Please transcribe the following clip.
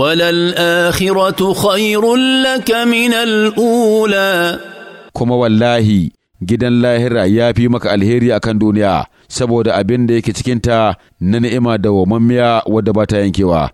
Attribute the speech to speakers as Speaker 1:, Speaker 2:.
Speaker 1: وللآخرة خير لك من الأولى kuma wallahi gidan lahira ya fi maka alheri a kan duniya saboda abin da yake cikinta na ni'ima da wamammiya wadda ba ta yankewa